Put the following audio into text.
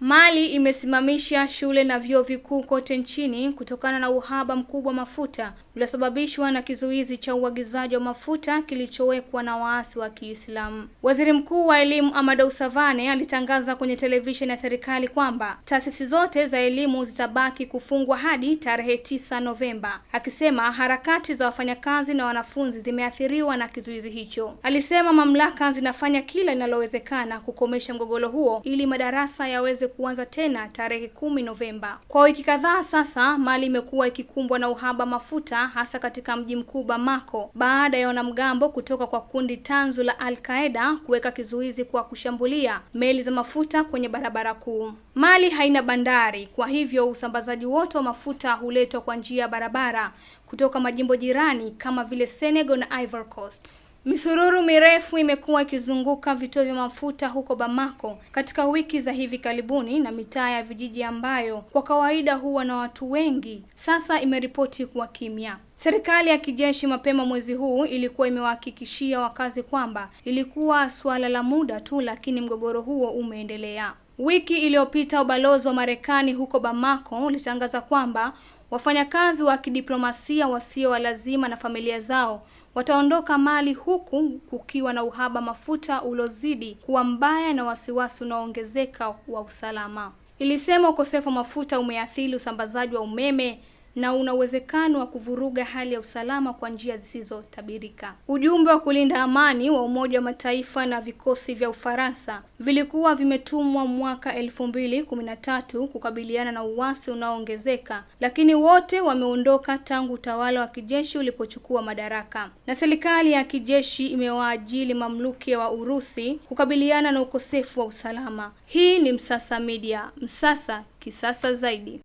Mali imesimamisha shule na vyuo vikuu kote nchini kutokana na uhaba mkubwa wa mafuta uliosababishwa na kizuizi cha uagizaji wa mafuta kilichowekwa na waasi wa Kiislamu. Waziri Mkuu wa Elimu Amadou Savane alitangaza kwenye televisheni ya serikali kwamba taasisi zote za elimu zitabaki kufungwa hadi tarehe tisa Novemba, akisema harakati za wafanyakazi na wanafunzi zimeathiriwa na kizuizi hicho. Alisema mamlaka zinafanya kila linalowezekana kukomesha mgogoro huo ili madarasa yaweze iweze kuanza tena tarehe kumi Novemba. Kwa wiki kadhaa sasa, Mali imekuwa ikikumbwa na uhaba mafuta, hasa katika mji mkuu Bamako, baada ya wanamgambo kutoka kwa kundi tanzu la Al-Qaeda kuweka kizuizi kwa kushambulia meli za mafuta kwenye barabara kuu. Mali haina bandari, kwa hivyo usambazaji wote wa mafuta huletwa kwa njia ya barabara kutoka majimbo jirani kama vile Senegal na Ivory Coast. Misururu mirefu imekuwa ikizunguka vituo vya mafuta huko Bamako katika wiki za hivi karibuni, na mitaa ya vijiji ambayo kwa kawaida huwa na watu wengi sasa imeripoti kuwa kimya. Serikali ya kijeshi mapema mwezi huu ilikuwa imewahakikishia wakazi kwamba ilikuwa suala la muda tu, lakini mgogoro huo umeendelea. Wiki iliyopita ubalozi wa Marekani huko Bamako ulitangaza kwamba wafanyakazi wa kidiplomasia wasio wa lazima na familia zao Wataondoka Mali huku kukiwa na uhaba mafuta uliozidi kuwa mbaya na wasiwasi unaoongezeka wa usalama. Ilisema ukosefu wa mafuta umeathiri usambazaji wa umeme na una uwezekano wa kuvuruga hali ya usalama kwa njia zisizotabirika. Ujumbe wa kulinda amani wa Umoja wa Mataifa na vikosi vya Ufaransa vilikuwa vimetumwa mwaka elfu mbili kumi na tatu kukabiliana na uasi unaoongezeka, lakini wote wameondoka tangu utawala wa kijeshi ulipochukua madaraka, na serikali ya kijeshi imewaajili mamluki wa Urusi kukabiliana na ukosefu wa usalama. Hii ni Msasa Media, Msasa kisasa zaidi.